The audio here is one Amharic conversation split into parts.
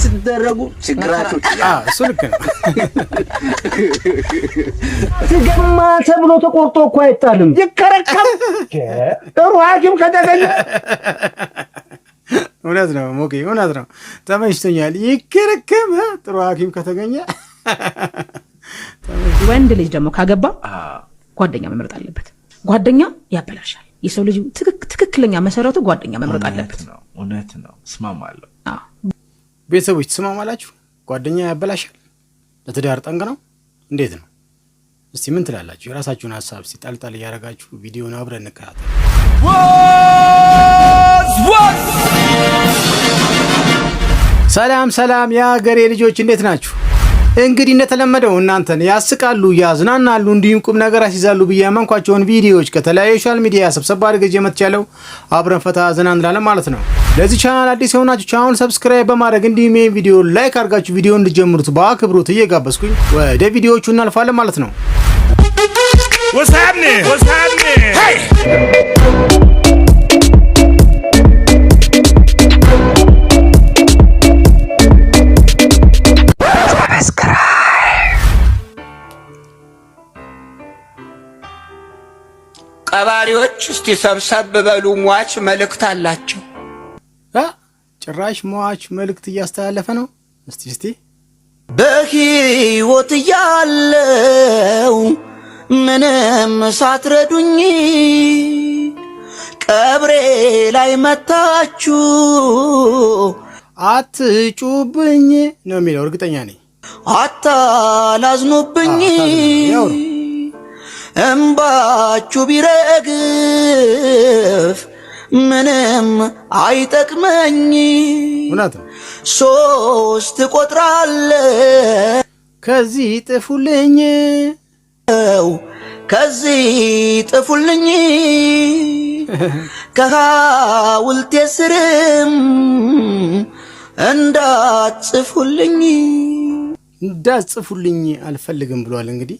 ስትደረጉ ችግራችሁ እሱ ልክ ነው። ትገማ ተብሎ ተቆርጦ እኮ አይጣልም። ይከረከም ጥሩ ሐኪም ከተገኘ እውነት ነው። ሞኬ እውነት ነው። ተመችቶኛል። ይከረከም ጥሩ ሐኪም ከተገኘ ወንድ ልጅ ደግሞ ካገባ ጓደኛ መምረጥ አለበት። ጓደኛ ያበላሻል። የሰው ልጅ ትክክለኛ መሰረቱ ጓደኛ መምረጥ አለበት። እውነት ነው። እስማማለሁ። ቤተሰቦች ትስማማላችሁ? ጓደኛ ያበላሻል? ለትዳር ጠንቅ ነው? እንዴት ነው? እስቲ ምን ትላላችሁ? የራሳችሁን ሀሳብ ሲጣልጣል እያደረጋችሁ ቪዲዮን አብረን እንከታተል። ሰላም ሰላም፣ የሀገሬ ልጆች እንዴት ናችሁ? እንግዲህ እንደተለመደው እናንተን ያስቃሉ፣ ያዝናናሉ እንዲሁም ቁም ነገር አስይዛሉ ብዬ ያመንኳቸውን ቪዲዮዎች ከተለያዩ ሶሻል ሚዲያ ሰብሰባ አድርገ መጥቻለሁ። አብረን ፈታ ዘና እንላለን ማለት ነው። ለዚህ ቻናል አዲስ የሆናችሁ ቻናል ሰብስክራይብ በማድረግ እንዲሁም ይህን ቪዲዮ ላይክ አድርጋችሁ ቪዲዮ እንድጀምሩት በአክብሮት እየጋበዝኩኝ ወደ ቪዲዮዎቹ እናልፋለን ማለት ነው። ቀባሪዎች እስቲ ሰብሰብ በሉ፣ ሟች መልእክት አላቸው። ጭራሽ ሟች መልእክት እያስተላለፈ ነው። እስቲ እስቲ በህይወት እያለው ምንም ሳትረዱኝ ቀብሬ ላይ መታችሁ አትጩብኝ ነው የሚለው። እርግጠኛ ነኝ አታላዝኑብኝ። እምባችሁ ቢረግፍ ምንም አይጠቅመኝ። ሶስት ቆጥራለ ከዚህ ጥፉልኝ፣ ከዚህ ጥፉልኝ ከሐውልቴ ስርም እንዳጽፉልኝ እንዳጽፉልኝ አልፈልግም ብሏል እንግዲህ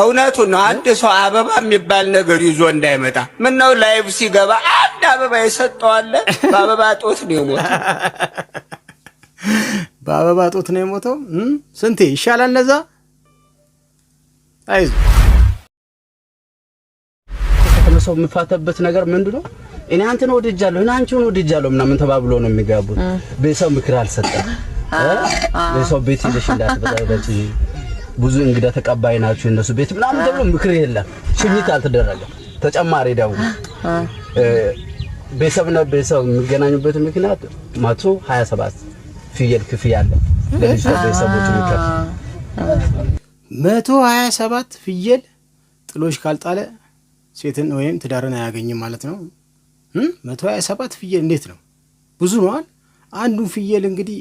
እውነቱ ነው። አንድ ሰው አበባ የሚባል ነገር ይዞ እንዳይመጣ። ምን ነው ላይቭ ሲገባ አንድ አበባ የሰጠዋለ። በአበባ ጦት ነው የሞተው። በአበባ ጦት ነው የሞተው። ስንቴ ይሻላል ነዛ አይዞ ሰው የምፋተበት ነገር ምንድን ነው? እኔ አንተን ወድጃለሁ፣ እኔ አንቺን ወድጃለሁ ምናምን ተባብሎ ነው የሚጋቡት። ቤተሰብ ምክር አልሰጠም። ቤተሰብ ቤት ይለሽ እንዳትበዛበች ብዙ እንግዳ ተቀባይ ናችሁ እነሱ ቤት ምናምን ተብሎ ምክር የለም። ሽኝት አልተደረገም። ተጨማሪ ደግሞ ቤተሰብና ቤተሰብ የሚገናኙበት ምክንያት መቶ ሀያ ሰባት ፍየል ክፍያ አለ ለልጅ ቤተሰቦች ምክር መቶ ሀያ ሰባት ፍየል ጥሎሽ ካልጣለ ሴትን ወይም ትዳርን አያገኝም ማለት ነው። መቶ ሀያ ሰባት ፍየል እንዴት ነው? ብዙ ነዋል። አንዱን ፍየል እንግዲህ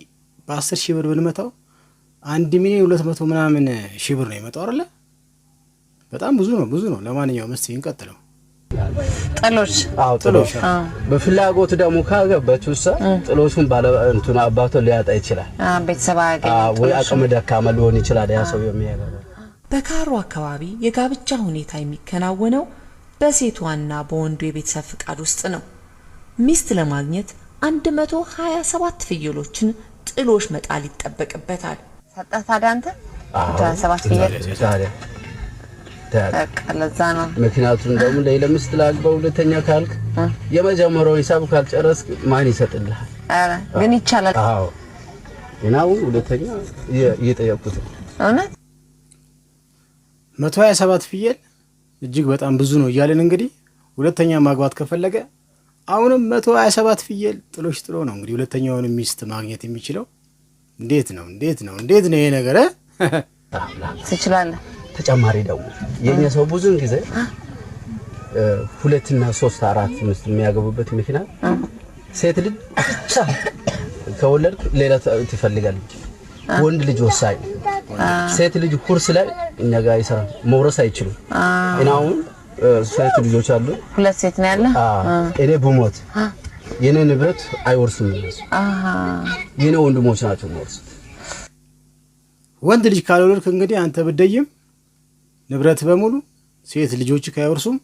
በአስር ሺህ ብር ብንመታው አንድ ሚሊዮን ሁለት መቶ ምናምን ሺህ ብር ነው የመጣው አይደለ? በጣም ብዙ ነው፣ ብዙ ነው። ለማንኛውም እስቲ እንቀጥለው። ጥሎች አዎ፣ ጥሎች በፍላጎት ደግሞ ካገባች ውሳ ጥሎቹን ባለ እንትን አባቶ ሊያጣ ይችላል። ቤተሰብ አያገኝ ወይ አቅም ደካማ ሊሆን ይችላል ያ ሰው የሚያገባ። በካሮ አካባቢ የጋብቻ ሁኔታ የሚከናወነው በሴቷና በወንዱ የቤተሰብ ፍቃድ ውስጥ ነው። ሚስት ለማግኘት 127 ፍየሎችን ጥሎሽ መጣል ይጠበቅበታል። ሰጠህ ታዲያ ምክንያቱም ደግሞ ለይለም ስትላል በሁለተኛ ካልክ የመጀመሪያው ሂሳብ ካልጨረስክ ማን ይሰጥልሃል? ኧረ ግን ይቻላል። አዎ እናው ሁለተኛ እየጠየቁት እውነት መቶ ሀያ ሰባት ፍየል እጅግ በጣም ብዙ ነው እያለን እንግዲህ ሁለተኛ ማግባት ከፈለገ አሁንም መቶ ሀያ ሰባት ፍየል ጥሎች ጥሎ ነው እንግዲህ ሁለተኛውን ሚስት ማግኘት የሚችለው። እንዴት ነው እንዴት ነው እንዴት ነው ይሄ ነገር? ትችላለህ። ተጨማሪ ደግሞ የኛ ሰው ብዙን ጊዜ ሁለትና ሶስት አራት ምስት የሚያገቡበት መኪና ሴት ልጅ ብቻ ከወለድክ ሌላ ትፈልጋለች። ወንድ ልጅ ወሳኝ፣ ሴት ልጅ ኩርስ ላይ እኛ ጋር ይሰራል። መውረስ አይችሉም። እና አሁን ሴት ልጆች አሉ። ሁለት ሴት ነው ያለ እኔ ብሞት የኔ ንብረት አይወርሱም። አሃ የኔ ወንድሞች ናቸው ወርሱ። ወንድ ልጅ ካልወለድክ እንግዲህ አንተ ብደይም ንብረት በሙሉ ሴት ልጆች አይወርሱም።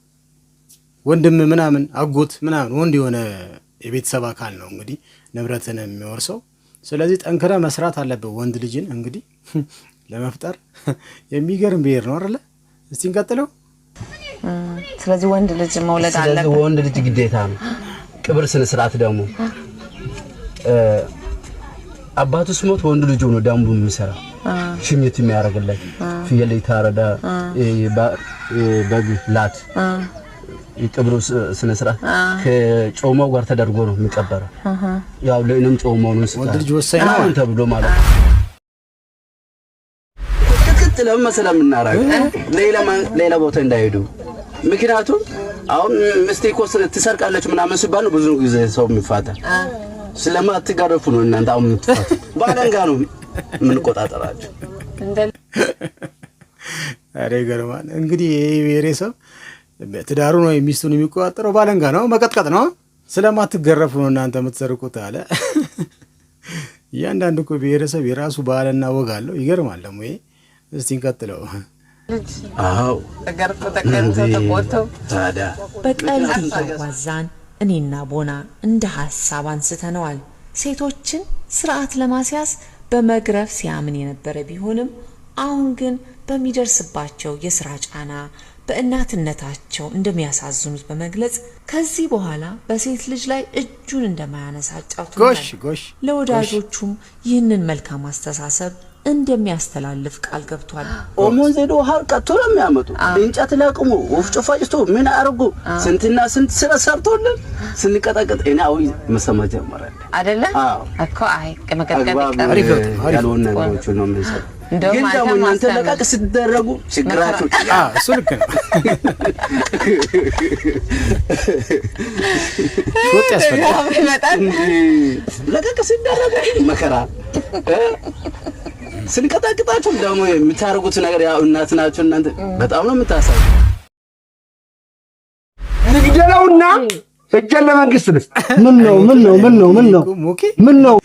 ወንድም ምናምን አጎት ምናምን ወንድ የሆነ የቤተሰብ አካል ነው እንግዲህ ንብረትን የሚወርሰው። ስለዚህ ጠንክረ መስራት አለበት። ወንድ ልጅን እንግዲህ ለመፍጠር የሚገርም ብሔር ነው አይደለ? እስቲ እንቀጥለው። ስለዚህ ወንድ ልጅ መውለድ አለበት። ወንድ ልጅ ግዴታ ነው ቅብር ስነ ስርዓት ደግሞ አባቱ ስሞት ወንድ ልጅ ሆኖ ደንቡ የሚሰራ ሽኝት የሚያደርግለት ፍየል ይታረዳ በግ ላት የቅብሩ ስነ ስርዓት ከጮማው ጋር ተደርጎ ነው የሚቀበረው። ያው ለእኔም ጮማው ነው ስለ ወንድ ልጅ ወሳኝ ነው ተብሎ ማለት ነው። ለምን መሰለህ የምናደርገው ሌላ ቦታ እንዳይሄዱ ምክንያቱም አሁን ምስቴ እኮ ትሰርቃለች ምናምን ሲባል ነው ብዙ ጊዜ ሰው የሚፋታ። ስለማትጋረፉ ነው እናንተ አሁን የምትፋቱ። ባለንጋ ነው የምንቆጣጠራቸው። አሬ ይገርማል። እንግዲህ ይህ ብሔረሰብ ትዳሩ ነው የሚስቱን የሚቆጣጠረው ባለንጋ ነው፣ መቀጥቀጥ ነው። ስለማትገረፉ ነው እናንተ የምትሰርቁት አለ። እያንዳንዱ እኮ ብሔረሰብ የራሱ ባህልና ወግ አለው። ይገርማል ደግሞ። እስቲ እንቀጥለው። አዎ ታዲያ በቀልድ እያዋዛን እኔና ቦና እንደ ሀሳብ አንስተነዋል። ሴቶችን ስርዓት ለማስያዝ በመግረፍ ሲያምን የነበረ ቢሆንም አሁን ግን በሚደርስባቸው የስራ ጫና በእናትነታቸው እንደሚያሳዝኑት በመግለጽ ከዚህ በኋላ በሴት ልጅ ላይ እጁን እንደማያነሳ ጫውቱ ለወዳጆቹም ይህንን መልካም አስተሳሰብ እንደሚያስተላልፍ ቃል ገብቷል። ኦሞን ዜዶ ሀር ቀጥቶ ነው የሚያመጡ እንጨት ላቅሞ ወፍጮ ፋጭቶ ምን አርጉ ስንትና ስንት ስራ ሰርቶልን ስንቀጠቀጥ እኔ አሁን መሰማ ጀመራል አደለ እኮ አይ መቀጥቀጥ ነገሮች ነው ግን ደግሞ እናንተ ስትደረጉ ችግራችሁ እሱ ልክ ነው። ወጥ ያስፈልጋል። መከራ ስንቀጣቅጣችሁ ደግሞ የምታደርጉት ነገር ያው እናት ናችሁ እናንተ በጣም ነው የምታሳዩ። ንግደለውና እጄን ለመንግስት ልስ ምን ነው ምን ነው ምን ነው ምን ነው ምን ነው?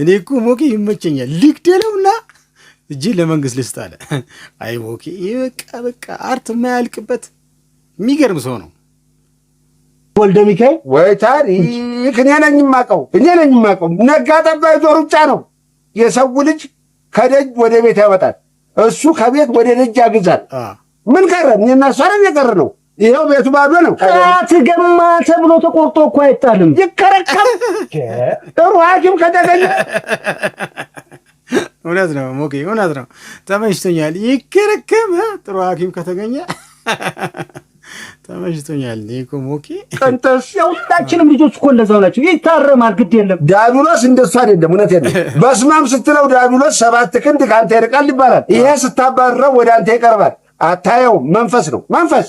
እኔ እኮ ሞኬ ይመቸኛል። ልግደለውና እጄ ለመንግስት ልስጥ አለ። አይ ሞኬ በቃ በቃ አርት የማያልቅበት የሚገርም ሰው ነው። ወልደ ሚካኤል ወይ ታሪክ እኔ ነኝ የማውቀው እኔ ነኝ የማውቀው ነጋ ጠባ ይዞ ሩጫ ነው የሰው ልጅ ከደጅ ወደ ቤት ያመጣል፣ እሱ ከቤት ወደ ደጅ ያግዛል። ምን ቀረ? እኔና እሷ ነን የቀረ ነው። ይኸው ቤቱ ባዶ ነው። ጥራት ገማ ተብሎ ተቆርጦ እኮ አይጣልም፣ ይከረከም። ጥሩ ሐኪም ከተገኘ እውነት ነው። ሞጌ እውነት ነው። ተመችቶኛል። ይከረከም። ጥሩ ሐኪም ከተገኘ ተመችቶኛል። ይሄኮ ሞኬ የሁላችንም ልጆች እኮ እንደዛው ናቸው። ይታረማል፣ ግድ የለም። ዳዱሎስ እንደሱ አይደለም። እውነት የለም። በስማም ስትለው ዳዱሎስ ሰባት ክንድ ከአንተ ይርቃል ይባላል። ይሄ ስታባረው ወደ አንተ ይቀርባል። አታየው። መንፈስ ነው መንፈስ።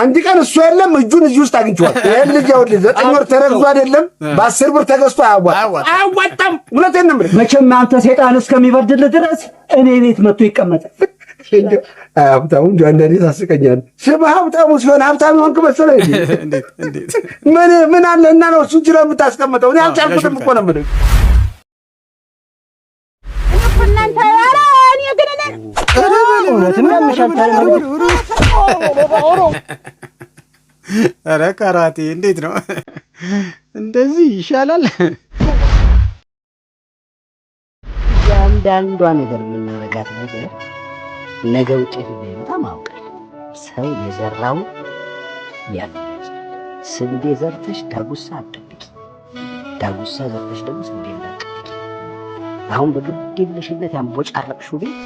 አንድ ቀን እሱ የለም እጁን እዚህ ውስጥ አግኝቼዋል። ይህን ልጅ ያውልህ ዘጠኝ ወር ተረግዞ አይደለም በአስር ብር ተገዝቶ አያዋጣም፣ አያዋጣም። እውነቴን ነው መቼም አንተ ሴጣን እስከሚበርድልህ ድረስ እኔ ቤት መጥቶ ይቀመጣል። ሀብታሙ እንዴት ታስቀኛል። ስም ሀብታሙ ሲሆን ሀብታም የሆንክ መሰለህ። ምን አለ እና ነው እሱን ችለህ የምታስቀምጠው? እኔ አልቻልኩትም እኮ ነው የምልህ። ኧረ ካራቴ እንዴት ነው እንደዚህ ይሻላል። አንዳንዷ ነገር የምናረጋት ነገር ነገ ውጤት እንደሚመጣ ማወቅ ሰው የዘራው ያለው ስንዴ ዘርተሽ ዳጉሳ አጠብቂ። ዳጉሳ ዘርተሽ ደግሞ ስንዴ እንዳጠብቂ። አሁን በግዴለሽነት ያንቦጫረቅሽው ቤት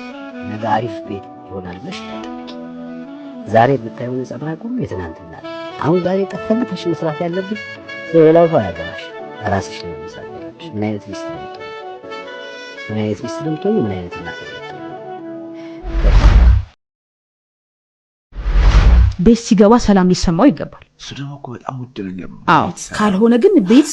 ነገ አሪፍ ቤት ይሆናል ብለሽ እንዳጠብቂ። ዛሬ የምታየው ነጸብራቅ ሁሉ የትናንትና አሁን ዛሬ ጠፈንተሽ መስራት ያለብሽ ሌላው ሰው ያገባሽ ራስሽ ነው መስራት ምን አይነት ሚስት ነው? ምን አይነት ሚስት ነው? ምን አይነት እናት ቤት ሲገባ ሰላም ሊሰማው ይገባል። እሱ ደግሞ እኮ በጣም ውድ ነገር ነው። ካልሆነ ግን ቤት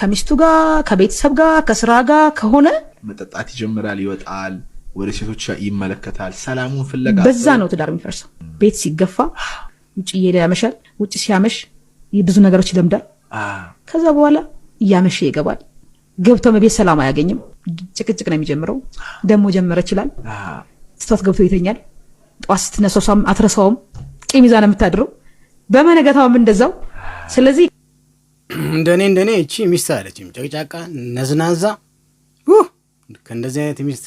ከሚስቱ ጋር ከቤተሰብ ጋር ከስራ ጋር ከሆነ መጠጣት ይጀምራል፣ ይወጣል፣ ወደ ሴቶች ይመለከታል። ሰላሙን ፍለጋ በዛ ነው ትዳር የሚፈርሰው። ቤት ሲገፋ ውጭ እየሄደ ያመሻል። ውጭ ሲያመሽ ብዙ ነገሮች ይለምዳል። ከዛ በኋላ እያመሸ ይገባል። ገብቶ ቤት ሰላም አያገኝም። ጭቅጭቅ ነው የሚጀምረው። ደግሞ ጀመረ ይችላል ትቷት ገብቶ ይተኛል። ጠዋት ስትነሳው አትረሳውም። ቂም ይዛ ነው የምታድረው። በመነገታውም እንደዛው። ስለዚህ እንደኔ እንደኔ እቺ ሚስት አለችም ጨቅጫቃ፣ ነዝናዛ። ከእንደዚህ አይነት ሚስት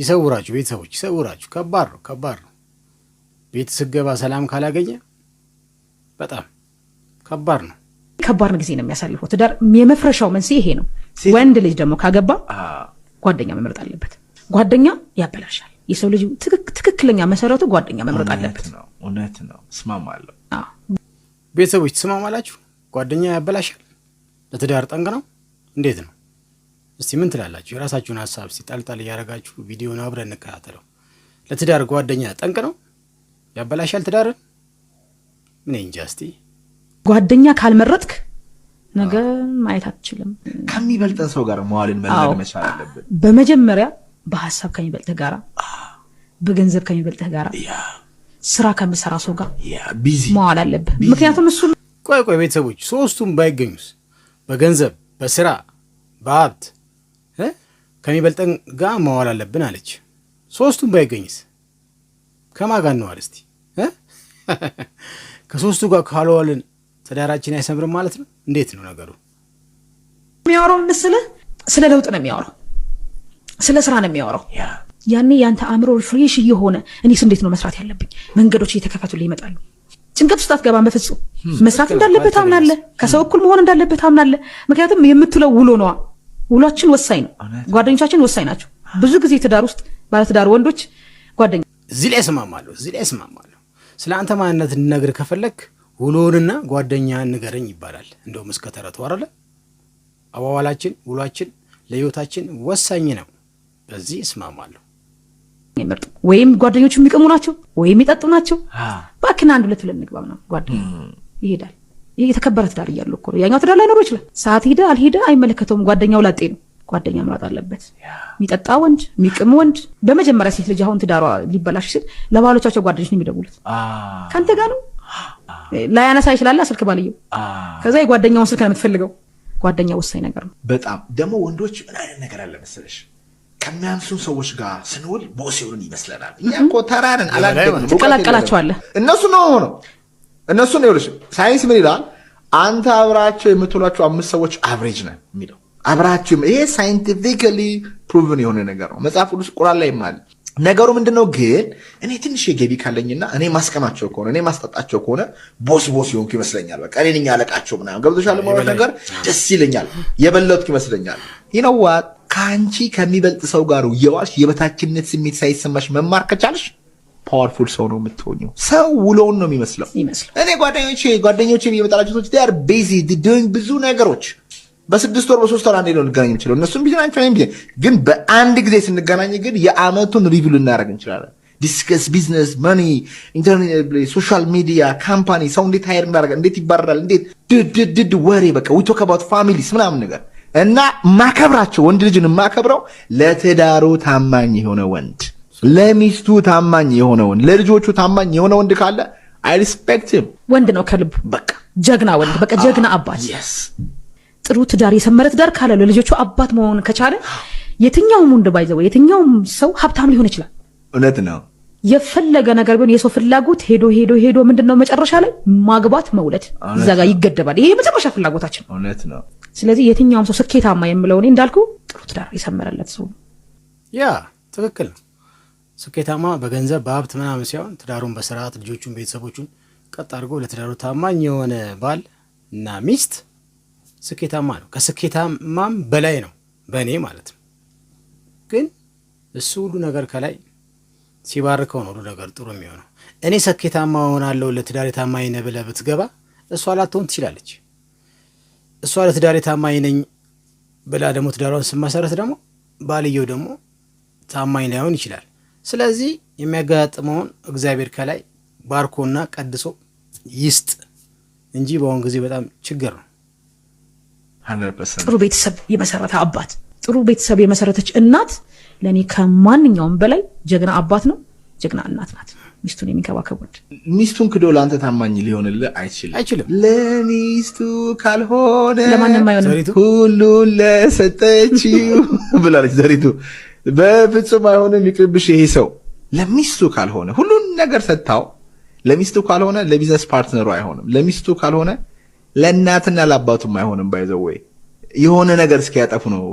ይሰውራችሁ፣ ቤተሰቦች ይሰውራችሁ። ከባድ ነው፣ ከባድ ነው። ቤት ስገባ ሰላም ካላገኘ በጣም ከባድ ነው። ከባድ ጊዜ ነው የሚያሳልፈው ትዳር። የመፍረሻው መንስኤ ይሄ ነው። ወንድ ልጅ ደግሞ ካገባ ጓደኛ መምረጥ አለበት። ጓደኛ ያበላሻል። የሰው ልጅ ትክክለኛ መሰረቱ ጓደኛ መምረጥ አለበት። እውነት ነው፣ ስማማለሁ ቤተሰቦች ትስማማላችሁ? ጓደኛ ያበላሻል፣ ለትዳር ጠንቅ ነው። እንዴት ነው እስቲ ምን ትላላችሁ? የራሳችሁን ሀሳብ ጣልጣል እያደረጋችሁ ቪዲዮን አብረ እንከታተለው። ለትዳር ጓደኛ ጠንቅ ነው? ያበላሻል ትዳርን? ምን እንጃ። እስቲ ጓደኛ ካልመረጥክ ነገ ማየት አትችልም። ከሚበልጠ ሰው ጋር መዋልን መልመድ መቻል አለብን። በመጀመሪያ በሀሳብ ከሚበልጥህ ጋራ፣ በገንዘብ ከሚበልጥህ ጋራ ስራ ከምሰራ ሰው ጋር መዋል አለብ። ምክንያቱም እሱ ቆይ ቆይ ቤተሰቦች ሶስቱም ባይገኙስ በገንዘብ በስራ በሀብት ከሚበልጠን ጋር መዋል አለብን አለች። ሶስቱም ባይገኝስ ከማን ጋር እንዋል እስቲ? ከሶስቱ ጋር ካልዋልን ትዳራችን አይሰምርም ማለት ነው። እንዴት ነው ነገሩ? የሚያወራው ምስል ስለ ለውጥ ነው የሚያወራው፣ ስለ ስራ ነው የሚያወራው ያኔ ያንተ አእምሮ ፍሬሽ እየሆነ እኔስ እንዴት ነው መስራት ያለብኝ መንገዶች እየተከፈቱ ላይ ይመጣሉ። ጭንቀት ውስጥ አትገባም። በፍጹም መስራት እንዳለበት አምናለ። ከሰው እኩል መሆን እንዳለበት አምናለ። ምክንያቱም የምትለው ውሎ ነዋ። ውሏችን ወሳኝ ነው። ጓደኞቻችን ወሳኝ ናቸው። ብዙ ጊዜ ትዳር ውስጥ ባለትዳር ወንዶች ጓደኛ እዚህ ላይ እስማማለሁ፣ እዚህ ላይ እስማማለሁ። ስለ አንተ ማንነት እንድነግርህ ከፈለግ ውሎንና ጓደኛ ንገረኝ ይባላል። እንደውም እስከ ተረቱ አረለ አባባላችን ውሏችን ለህይወታችን ወሳኝ ነው። በዚህ እስማማለሁ። የሚመርጡ ወይም ጓደኞቹ የሚቀሙ ናቸው ወይም የሚጠጡ ናቸው። በአክን አንድ ሁለት ብለን እንግባ ምናምን ጓደኛ ይሄዳል። ይህ የተከበረ ትዳር እያሉ እኮ ነው። ያኛው ትዳር ላይኖረው ይችላል። ሰዓት ሂደ አልሄደ አይመለከተውም። ጓደኛው ላጤ ነው። ጓደኛ ምራጥ አለበት። የሚጠጣ ወንድ፣ የሚቅም ወንድ። በመጀመሪያ ሴት ልጅ አሁን ትዳሯ ሊበላሽ ሲል ለባሎቻቸው ጓደኞች ነው የሚደውሉት። ከአንተ ጋር ነው ላያነሳ ይችላል ስልክ ባልየው። ከዛ የጓደኛውን ስልክ ነው የምትፈልገው። ጓደኛ ወሳኝ ነገር ነው። በጣም ደግሞ ወንዶች ምን አይነት ነገር አለ መሰለሽ ከሚያንሱን ሰዎች ጋር ስንውል ቦስ የሆኑን ይመስለናል። እኛ እኮ ተራንን ትቀላቀላቸዋለህ። እነሱ ነው ሆነው እነሱ ነው ይኸውልሽ፣ ሳይንስ ምን ይላል? አንተ አብራቸው የምትውሏቸው አምስት ሰዎች አቨሬጅ ነን የሚለው አብራቸው። ይሄ ሳይንቲፊካሊ ፕሩቭን የሆነ ነገር ነው። መጽሐፍ ቅዱስ ቁራን ላይ ይማል። ነገሩ ምንድን ነው ግን እኔ ትንሽ የገቢ ካለኝና እኔ ማስቀማቸው ከሆነ እኔ ማስጠጣቸው ከሆነ ቦስ ቦስ የሆንኩ ይመስለኛል። በቃ እኔ እኔን ያለቃቸው ምናምን ገብቶሻል። ነገር ደስ ይለኛል። የበለጥኩ ይመስለኛል። ይነዋት ከአንቺ ከሚበልጥ ሰው ጋር የዋልሽ የበታችነት ስሜት ሳይሰማሽ መማር ከቻልሽ ፓወርፉል ሰው ነው የምትሆኘው። ሰው ውሎውን ነው የሚመስለው። እኔ ጓደኞቼ ጓደኞቼን የመጣላቸው ሰዎች ር ቤዚ ዱንግ ብዙ ነገሮች በስድስት ወር በሶስት ወር አንዴ ነው ልገናኝ የምችለው። እነሱም ቢዚ ናቸው፣ ግን በአንድ ጊዜ ስንገናኝ ግን የአመቱን ሪቪው ልናደርግ እንችላለን። ዲስከስ ቢዝነስ፣ መኒ፣ ኢንተርኔት፣ ሶሻል ሚዲያ፣ ካምፓኒ፣ ሰው እንዴት ሀይር እንዳደረገ፣ እንዴት ይባረራል፣ እንዴት ድድድድ ወሬ በቃ ዊቶክ አባውት ፋሚሊስ ምናምን ነገር እና ማከብራቸው ወንድ ልጅን ማከብረው ለትዳሩ ታማኝ የሆነ ወንድ፣ ለሚስቱ ታማኝ የሆነ ወንድ፣ ለልጆቹ ታማኝ የሆነ ወንድ ካለ አይ ሪስፔክት ወንድ ነው ከልቡ በቃ ጀግና ወንድ በቃ ጀግና አባት ጥሩ ትዳር የሰመረ ትዳር ካለ ለልጆቹ አባት መሆን ከቻለ የትኛውም ወንድ ባይዘው የትኛውም ሰው ሀብታም ሊሆን ይችላል። እውነት ነው። የፈለገ ነገር ቢሆን የሰው ፍላጎት ሄዶ ሄዶ ሄዶ ምንድን ነው መጨረሻ ላይ ማግባት መውለድ እዛ ጋር ይገደባል። ይሄ የመጨረሻ ፍላጎታችን እውነት ነው። ስለዚህ የትኛውም ሰው ስኬታማ የምለው እኔ እንዳልኩ ጥሩ ትዳር የሰመረለት ሰው ያ ትክክል ነው። ስኬታማ በገንዘብ በሀብት ምናምን ሲሆን ትዳሩን በስርዓት ልጆቹን፣ ቤተሰቦቹን ቀጥ አድርጎ ለትዳሩ ታማኝ የሆነ ባል እና ሚስት ስኬታማ ነው። ከስኬታማም በላይ ነው በእኔ ማለት ነው። ግን እሱ ሁሉ ነገር ከላይ ሲባርከው ነው ሁሉ ነገር ጥሩ የሚሆነው። እኔ ስኬታማ ሆናለሁ ለትዳር የታማኝ ነህ ብለህ ብትገባ እሷ ላትሆን ትችላለች። እሷ ለትዳሬ ታማኝ ነኝ ብላ ደግሞ ትዳሯን ስመሰረት ደግሞ ባልየው ደግሞ ታማኝ ላይሆን ይችላል። ስለዚህ የሚያጋጥመውን እግዚአብሔር ከላይ ባርኮና ቀድሶ ይስጥ እንጂ በአሁን ጊዜ በጣም ችግር ነው። ጥሩ ቤተሰብ የመሰረተ አባት፣ ጥሩ ቤተሰብ የመሰረተች እናት ለእኔ ከማንኛውም በላይ ጀግና አባት ነው፣ ጀግና እናት ናት። ሚስቱን የሚንከባከብ ወንድ ሚስቱን ክዶ ለአንተ ታማኝ ሊሆንልህ አይችልም። አይችልም። ለሚስቱ ካልሆነ ለማንም አይሆንም። ሁሉን ለሰጠችው ብላለች ዘሪቱ። በፍጹም አይሆንም፣ ይቅርብሽ። ይሄ ሰው ለሚስቱ ካልሆነ ሁሉን ነገር ሰጥታው ለሚስቱ ካልሆነ ለቢዝነስ ፓርትነሩ አይሆንም። ለሚስቱ ካልሆነ ለእናትና ለአባቱም አይሆንም። ባይዘው ወይ የሆነ ነገር እስኪያጠፉ ነው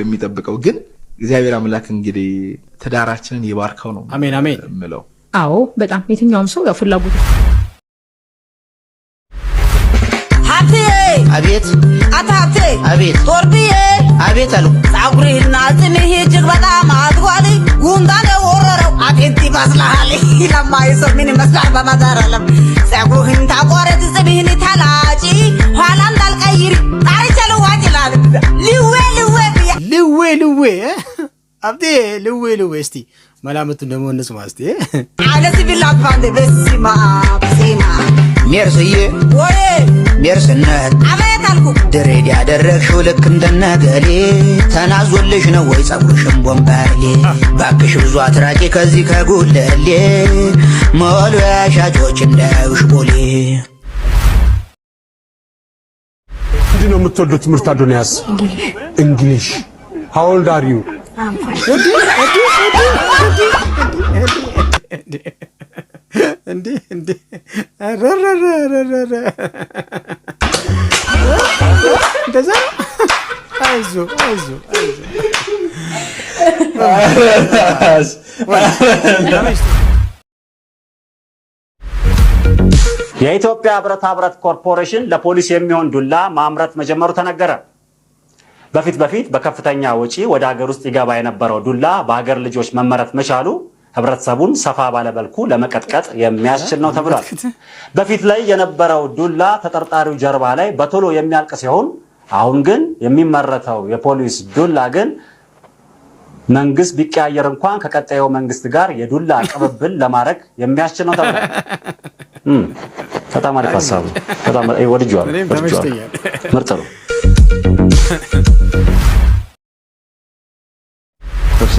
የሚጠብቀው። ግን እግዚአብሔር አምላክ እንግዲህ ትዳራችንን ይባርከው ነው። አሜን አሜን ምለው አዎ በጣም የትኛውም ሰው ያው ፍላጎት አቤት አቤት አቤት ጸጉርህና እጅግ በጣም አድጓል። ጉንዳን የወረረው አጤንት ይመስልሃል። ለማይሰው ምን ይመስላል? በመዳር አለም ጸጉርህን ኋላ እንዳልቀይሪ ጣሪቻ ልዋጭ ልዌ ልዌ ልዌ ልዌ ልዌ ልዌ እስቲ መላምቱን ደግሞ እነሱ ማስቴ አለ ሲቪል አባለ በስማ ዜና ሜርስዬ ወይ ሜርስነት አቤት አልኩ ድሬድ ያደረግሽው ልክ እንደነገሌ ተናዞልሽ ነው ወይ ጸጉርሽን ቦምባሌ ባክሽ ብዙ አትራቂ ከዚህ ከጉለሌ ሞልያ ሻጮች እንዳያዩሽ ቦሌ ምንድን ነው የምትወደው ትምህርት አዶንያስ እንግሊሽ ሀውልድ አር የኢትዮጵያ ብረታ ብረት ኮርፖሬሽን ለፖሊስ የሚሆን ዱላ ማምረት መጀመሩ ተነገረ። በፊት በፊት በከፍተኛ ወጪ ወደ ሀገር ውስጥ ይገባ የነበረው ዱላ በሀገር ልጆች መመረት መቻሉ ህብረተሰቡን ሰፋ ባለበልኩ ለመቀጥቀጥ የሚያስችል ነው ተብሏል። በፊት ላይ የነበረው ዱላ ተጠርጣሪው ጀርባ ላይ በቶሎ የሚያልቅ ሲሆን፣ አሁን ግን የሚመረተው የፖሊስ ዱላ ግን መንግስት ቢቀያየር እንኳን ከቀጣዩ መንግስት ጋር የዱላ ቅብብል ለማድረግ የሚያስችል ነው ተብሏል። በጣም አሪፍ ሀሳብ ነው። በጣም ወድጄዋለሁ። ምርጥ ነው።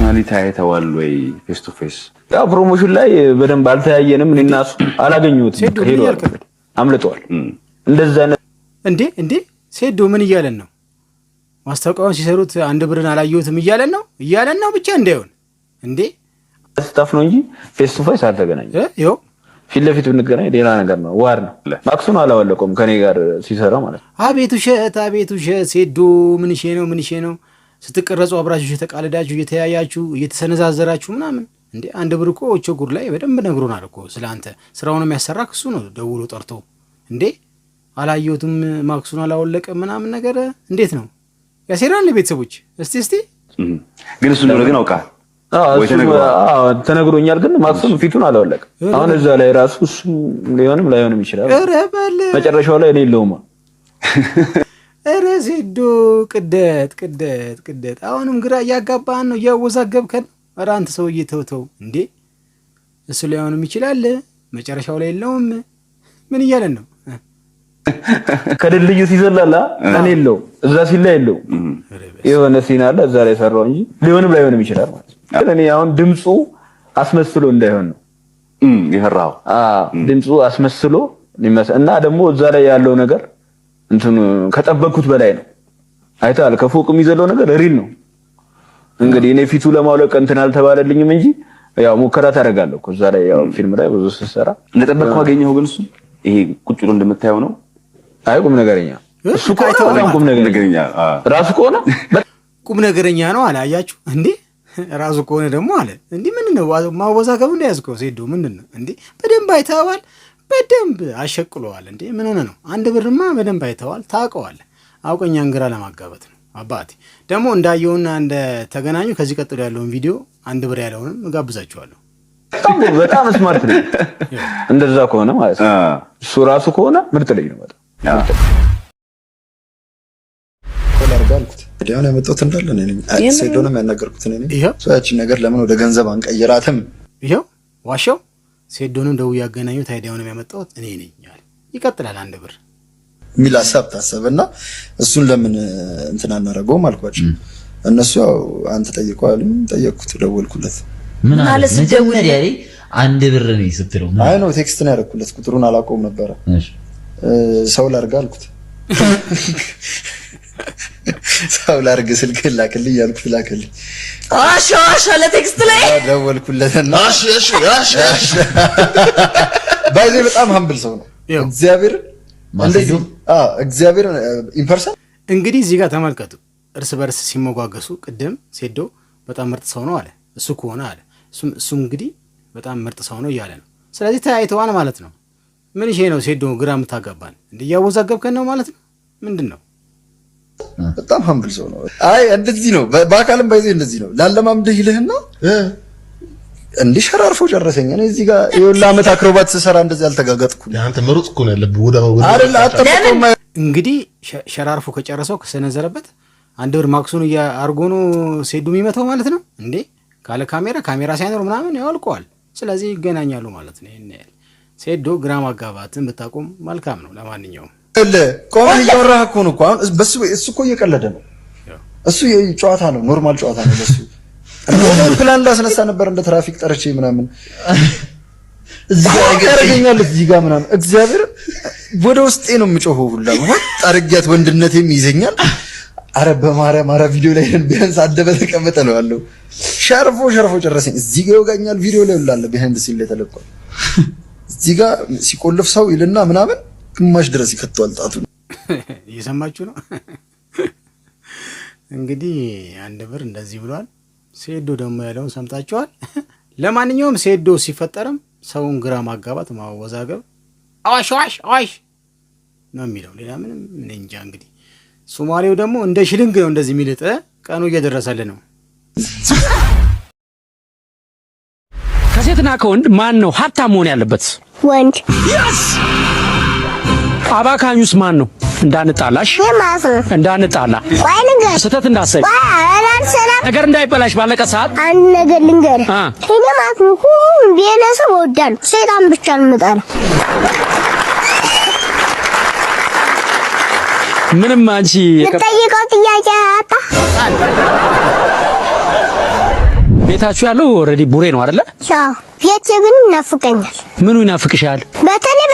ፐርሶናሊ ተያይተዋል ወይ? ፌስ ቱ ፌስ ያው ፕሮሞሽን ላይ በደንብ አልተያየንም። እኔና እሱ አላገኘሁትም፣ ሄደዋል፣ አምልጠዋል። እንደዛ እንዴ እንዴ ሴዶ ምን እያለን ነው? ማስታወቂያውን ሲሰሩት አንድ ብርን አላየሁትም እያለን ነው እያለን ነው ብቻ እንዳይሆን እንዴ ስታፍ ነው እንጂ ፌስ ቱ ፌስ አልተገናኘም። ይኸው ፊት ለፊት ብንገናኝ ሌላ ነገር ነው። ዋር ነው ማክሱን አላወለቀውም ከኔ ጋር ሲሰራ ማለት ነው። አቤት ውሸት፣ አቤት ውሸት ሴዶ ምንሼ ነው ምንሼ ነው ስትቀረጹ አብራችሁ እየተቃለዳችሁ እየተያያችሁ እየተሰነዛዘራችሁ ምናምን እንዴ አንድ ብር እኮ ጉድ ላይ በደንብ ነግሮናል እኮ ስለ አንተ። ስራውን የሚያሰራ ክሱ ነው ደውሎ ጠርቶ እንዴ አላየሁትም ማክሱን አላወለቀ ምናምን ነገር እንዴት ነው ያሴራል። ቤተሰቦች እስቲ እስቲ ግን እሱ ግን ተነግሮኛል ግን ማክሱም ፊቱን አላወለቅም። አሁን እዛ ላይ ራሱ እሱ ሊሆንም ላይሆንም ይችላል። መጨረሻው ላይ እኔ የለውማ ኧረ ዜዶ ቅደት ቅደት ቅደት፣ አሁንም ግራ እያጋባህን ነው፣ እያወዛገብከን። ኧረ አንተ ሰውዬ ተው እንዴ! እሱ ላይ አሁንም ይችላል፣ መጨረሻው ላይ የለውም። ምን እያለን ነው? ከድልድዩ ሲዘላላ እኔ የለው እዛ ሲል ላይ የለው የሆነ ሲና አለ እዛ ላይ ሰራው እንጂ ሊሆንም ላይሆንም ይችላል ማለት እኔ አሁን ድምፁ አስመስሎ እንዳይሆን ነው ይፈራው። ድምፁ አስመስሎ እና ደግሞ እዛ ላይ ያለው ነገር እንትን ከጠበቅኩት በላይ ነው። አይተሃል፣ ከፎቅ የሚዘለው ነገር ሪል ነው። እንግዲህ እኔ ፊቱ ለማውለቅ እንትን አልተባለልኝም እንጂ ያው ሙከራ ታደርጋለሁ እኮ እዛ ላይ ያው ፊልም ላይ ብዙ ስትሰራ እንደጠበቅኩ አገኘሁ። ግን እሱ ይሄ ቁጭ ብሎ እንደምታየው ነው። አይ ቁም ነገረኛ እሱ ቁም ነገረኛ ራሱ ከሆነ ቁም ነገረኛ ነው። አለ። አያችሁ እንዴ? ራሱ ከሆነ ደግሞ አለ እንዲህ ምንድን ነው ማወዛገብ እንደያዝከው ሴዶ ምንድን ነው እንዴ? በደንብ አይተኸዋል። በደንብ አሸቅሎዋል። እንዴ ምን ሆነ ነው? አንድ ብርማ በደንብ አይተዋል፣ ታውቀዋል። አውቀኛን ግራ ለማጋበት ነው አባቴ። ደግሞ እንዳየውና እንደተገናኙ ከዚህ ቀጥሎ ያለውን ቪዲዮ አንድ ብር ያለውንም እጋብዛችኋለሁ። በጣም ስማርት ነው። እንደዛ ከሆነ ማለት ነው እሱ ራሱ ከሆነ ምርጥ ልጅ ነው በጣም ሊሆን ያመጣት እንዳለ ሴዶንም ያናገርኩት ያችን ነገር ለምን ወደ ገንዘብ አንቀይራትም? ይኸው ዋሻው ሴዶንም ደው ያገናኙ አይዲያውንም ያመጣሁት እኔ ነኝ ይቀጥላል አንድ ብር የሚል ሀሳብ እና እሱን ለምን እንትን አናደርገውም አልኳቸው። እነሱ ያው አንተ ጠይቀዋል፣ ጠየቅኩት፣ ደወልኩለት። አንድ ብር ነው ስትለው፣ አይ ነው ቴክስት ነው ያደረኩለት። ቁጥሩን አላውቀውም ነበረ ሰው ላርጋ አልኩት። ሰው ላድርግ ስልክ ላክልኝ እያልኩሽ ላክልኝ። አሽ አሽ አለ ቴክስት ላይ ደወልኩለትና እሺ አሽ አሽ አሽ ባይዘ በጣም ሀምብል ሰው ነው እግዚአብሔር እንደዚህ አዎ እግዚአብሔር ኢምፐርሰን እንግዲህ እዚህ ጋር ተመልከቱ። እርስ በርስ ሲመጓገሱ ቅድም ሴዶ በጣም ምርጥ ሰው ነው አለ እሱ ከሆነ አለ እሱም እንግዲህ በጣም ምርጥ ሰው ነው እያለ ነው። ስለዚህ ተያይተዋል ማለት ነው። ምን ይሄ ነው ሴዶ ግራ የምታጋባን እንዲያወዛገብከን ነው ማለት ነው ምንድን ነው? በጣም ሀምብል ሰው ነው። አይ እንደዚህ ነው፣ በአካልም ባይዘ እንደዚህ ነው። ላለማምድህ ይልህና እንዲህ ሸራርፎ ጨረሰኝ። እኔ እዚህ ጋር ይኸውልህ ዓመት አክሮባት ስሰራ እንደዚህ አልተጋጋጥኩም። አንተ መሮጥ እኮ ነው ያለብህ። እንግዲህ ሸራርፎ ከጨረሰው ከሰነዘረበት አንድ ብር ማክሱን አድርጎ ነው ሴዱ የሚመተው ማለት ነው እንዴ ካለ ካሜራ ካሜራ ሳይኖር ምናምን ያዋልቀዋል። ስለዚህ ይገናኛሉ ማለት ነው። ሴዶ ግራ ማጋባትን ብታቆም መልካም ነው። ለማንኛውም እለ ቆመን እያወራህ እኮ ነው። አሁን እሱ እኮ እየቀለደ ነው። እሱ ጨዋታ ነው፣ ኖርማል ጨዋታ ነው ለሱ። ፕላን ላስነሳ ነበር እንደ ትራፊክ ጠርቼ ምናምን እዚህ ጋር ያገኛል እዚህ ጋር ምናምን። እግዚአብሔር ወደ ውስጤ ነው የምጮኸው ሁላ ጠርጊያት ወንድነቴም ይዘኛል። አረ በማርያም አረ ቪዲዮ ላይ ቢያንስ አደበ ተቀመጠ ነው ያለው። ሸርፎ ሸርፎ ጨረሰኝ። እዚህ ጋር ይወጋኛል ቪዲዮ ላይ ሁላ አለ ቢሃይንድ ሲል ላይ ተለቋል። እዚህ ጋር ሲቆልፍ ሰው ይልና ምናምን ግማሽ ድረስ ይከተዋል ጣቱ። እየሰማችሁ ነው እንግዲህ አንድ ብር እንደዚህ ብሏል። ሴዶ ደግሞ ያለውን ሰምታችኋል። ለማንኛውም ሴዶ ሲፈጠርም ሰውን ግራ ማጋባት፣ ማወዛገብ አዋሽ አዋሽ አዋሽ ነው የሚለው ሌላ ምንም እንጃ። እንግዲህ ሶማሌው ደግሞ እንደ ሽልንግ ነው እንደዚህ የሚልጥ ቀኑ እየደረሰል ነው። ከሴትና ከወንድ ማን ነው ሀብታም መሆን ያለበት? ወንድ አባካኙስ ማን ነው? እንዳንጣላሽ እንዳንጣላ ስህተት እንዳሰብ ነገር እንዳይበላሽ ባለቀ ሰዓት አንድ ነገር ልንገር። እኔ ማለት ነው ሁሉም ብሔረሰብ እወዳለሁ፣ ሰይጣን ብቻ ነው የምጠላው። ምንም አንቺ የምጠይቀው ጥያቄ አጣ። ቤታችሁ ያለው ኦልሬዲ ቡሬ ነው አይደለ? አዎ። ቤቴ ግን ይናፍቀኛል። ምኑ ይናፍቅሻል? በተለይ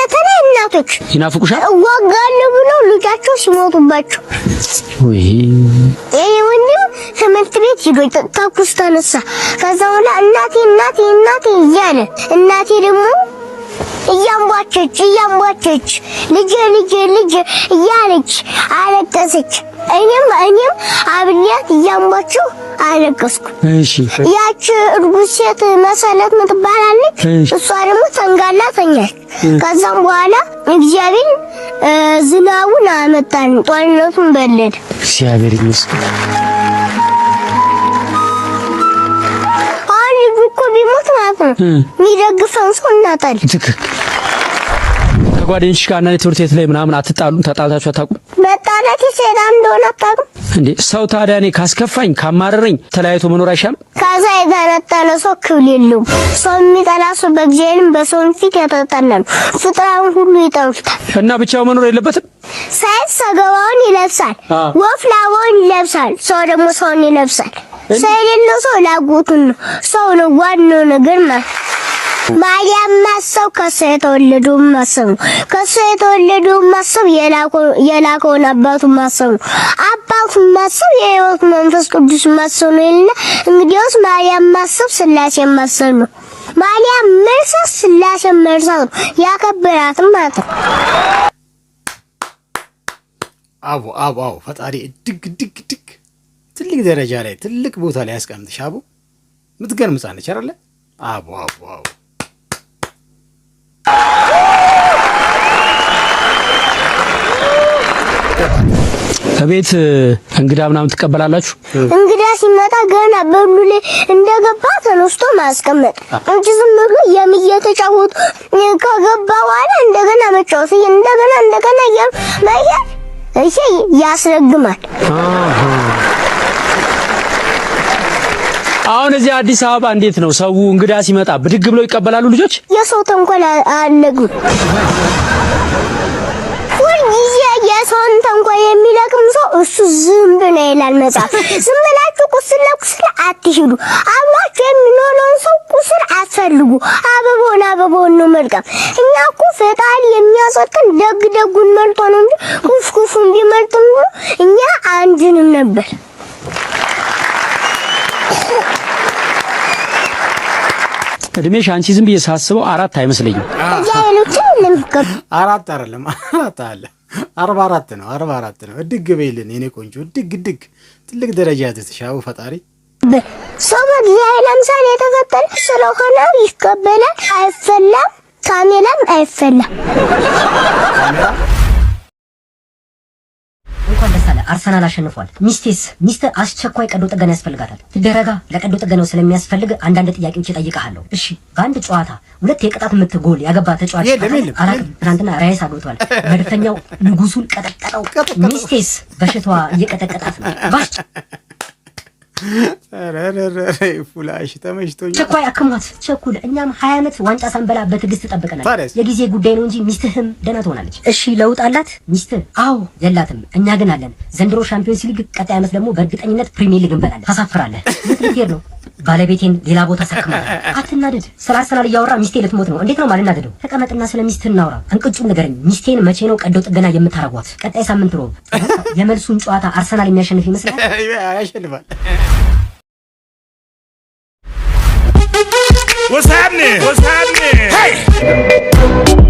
እናቶች ይናፍቁሻል። እዋጋለሁ ብለው ልጃቸው ሲሞቱባቸው ወይ እኔ ወንድም ትምህርት ቤት ሄዶ ተኩስ ተነሳ። ከዛ በኋላ እናቴ እናቴ እናቴ እያለ እናቴ ደግሞ እያንቧቸች እያንቧቸች ልጄ ልጄ ልጄ እያለች አለቀሰች። እኔም እኔም አብሬያት እያንቧቸው አለቀስኩ። ያች እርጉዝ ሴት መሰለት ምትባላለች፣ እሷ ደግሞ ተንጋላ ተኛች። ከዛም በኋላ እግዚአብሔር ዝናቡን አመጣን፣ ጦርነቱን በለደ። እግዚአብሔር ይመስገን። ሲሞት ማለት ነው የሚደግፈውን ሰው እናጣለን። ትክክል ከጓደኞች ጋር እና ትምህርት ቤት ላይ ምናምን አትጣሉም? ተጣልታችሁ አታውቁም? መጣላት ሰላም እንደሆነ አታውቁም እንዴ? ሰው ታዲያ እኔ ካስከፋኝ ካማረረኝ ተለያይቶ መኖር አይሻልም? ከዛ የተነጠለ ሰው ክብል የለውም። ሰው የሚጠላ ሰው በእግዚአብሔርም በሰውን ፊት ያተጠላሉ። ፍጥራውን ሁሉ ይጠሉታል። እና ብቻው መኖር የለበትም። ሳይንስ ሰገባውን ይለብሳል፣ ወፍ ላባውን ይለብሳል፣ ሰው ደግሞ ሰውን ይለብሳል። ሰው የሌለው ሰው ላጎቱን ነው። ሰው ነው ዋናው ነገር ማለት ማርያም ማሰብ ከሱ የተወለዱ ማሰብ ነው። ከሱ የተወለዱ ማሰብ የላከውን አባቱ ማሰብ ነው። ማሰብ የሕይወት መንፈስ ቅዱስ ማሰብ ነው ይልና እንግዲያውስ ማርያም ማሰብ ስላሴ ማሰብ ነው። ማርያም መርሳት ስላሴ መርሳት ነው። ያከበራትም ማለት ነው። አቦ አቦ አቡ ፈጣሪ ድግ ድግ ድግ ትልቅ ደረጃ ላይ ትልቅ ቦታ ላይ ያስቀምጥሽ አቡ። የምትገርም ጻነች አይደለ? አቦ አቦ አቦ ከቤት እንግዳ ምናምን ትቀበላላችሁ? እንግዳ ሲመጣ ገና በሉ ላይ እንደገባ ተነስቶ ማስቀመጥ እንጂ ዝም ብሎ የሚየተጫወቱ ከገባ በኋላ እንደገና መጫወት እንደገና እንደገና እያሉ ያስረግማል። አሃ አሁን እዚህ አዲስ አበባ እንዴት ነው ሰው እንግዳ ሲመጣ ብድግ ብለው ይቀበላሉ ልጆች? የሰው ተንኮል አልነግሩም። የሰውን ተንኮል የሚለቅም ሰው እሱ ዝም ብሎ ይላል መጽሐፍ። ዝም ብላችሁ ቁስል ለቁስል አትሂዱ። አብሯችሁ የሚኖረውን ሰው ቁስል አትፈልጉ። ነው መልቀም። እኛ እኮ ፈጣሪ ደግ ደጉን መልጦ ነው እንጂ ቢመልጥም እኛ አንድንም ነበር። እድሜሽ አንቺ ዝም ብዬ ሳስበው አራት አይመስለኝም። አራት አይደለም አራት አለ አርባ አራት ነው አርባ አራት ነው። እድግ በይልን የኔ ቆንጆ እድግ እድግ ትልቅ ደረጃ ያዘትሻው ፈጣሪ ሰው በእግዚአብሔር አምሳል የተፈጠረ ስለሆነ ይቀበላል። አይፈላም፣ ካሜራም አይፈላም። አርሰናል አሸንፏል። ሚስቴስ ሚስት አስቸኳይ ቀዶ ጥገና ያስፈልጋታል። ትደረጋ ለቀዶ ጥገናው ስለሚያስፈልግ አንዳንድ ጥያቄዎች እጠይቅሃለሁ። እሺ፣ በአንድ ጨዋታ ሁለት የቅጣት ምት ጎል ያገባ ተጫዋች አራት ትናንትና ራይስ አግብቷል። መድፈኛው ንጉሱን ቀጠቀጠው። ሚስቴስ በሽታዋ እየቀጠቀጣት ነው። ፉላሽ ተመችቶኛል። ቸኳይ አክሟት ቸኩል። እኛም ሀያ ዓመት ዋንጫ ሳንበላ በትዕግስት ጠብቀናል። የጊዜ ጉዳይ ነው እንጂ ሚስትህም ደህና ትሆናለች። እሺ ለውጥ አላት ሚስትህ? አዎ የላትም፣ እኛ ግን አለን። ዘንድሮ ሻምፒዮንስ ሊግ፣ ቀጣይ ዓመት ደግሞ በእርግጠኝነት ፕሪሚየር ሊግ እንበላለን። ታሳፍራለህ። ምትሄድ ነው ባለቤቴን ሌላ ቦታ ሰክማ አትናደድ። ስለ አሰናል እያወራ ሚስቴ ልትሞት ነው። እንዴት ነው ማልናደደው? ተቀመጥና ስለ ሚስት እናውራ። እንቅጩን ንገረኝ። ሚስቴን መቼ ነው ቀዶ ጥገና የምታረጓት? ቀጣይ ሳምንት ሮብ። የመልሱን ጨዋታ አርሰናል የሚያሸንፍ ይመስላል። ያሸንፋል። What's happening? What's happening? Hey!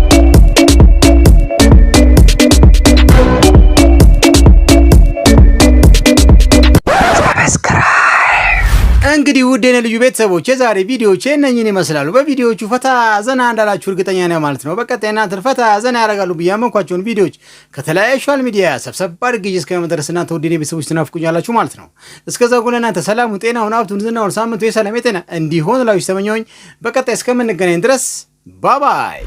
እንግዲህ ውድ ልዩ ቤተሰቦች የዛሬ ቪዲዮዎች እነኝን ይመስላሉ። በቪዲዮቹ ፈታ ዘና እንዳላችሁ እርግጠኛ ነው ማለት ነው። በቀጣይ እናንተን ፈታ ዘና ያደርጋሉ ብዬ ያመንኳቸውን ቪዲዮዎች ከተለያዩ ሶሻል ሚዲያ ሰብሰብ አድርጌ እስከመድረስ እናንተ ውድ ቤተሰቦች ትናፍቁኛላችሁ ማለት ነው። እስከዛ ግን እናንተ ሰላሙ፣ ጤናውን፣ ሀብቱን፣ ዝናውን ሳምንቱ የሰላም የጤና እንዲሆን ላዊች ተመኘሁኝ። በቀጣይ እስከምንገናኝ ድረስ ባባይ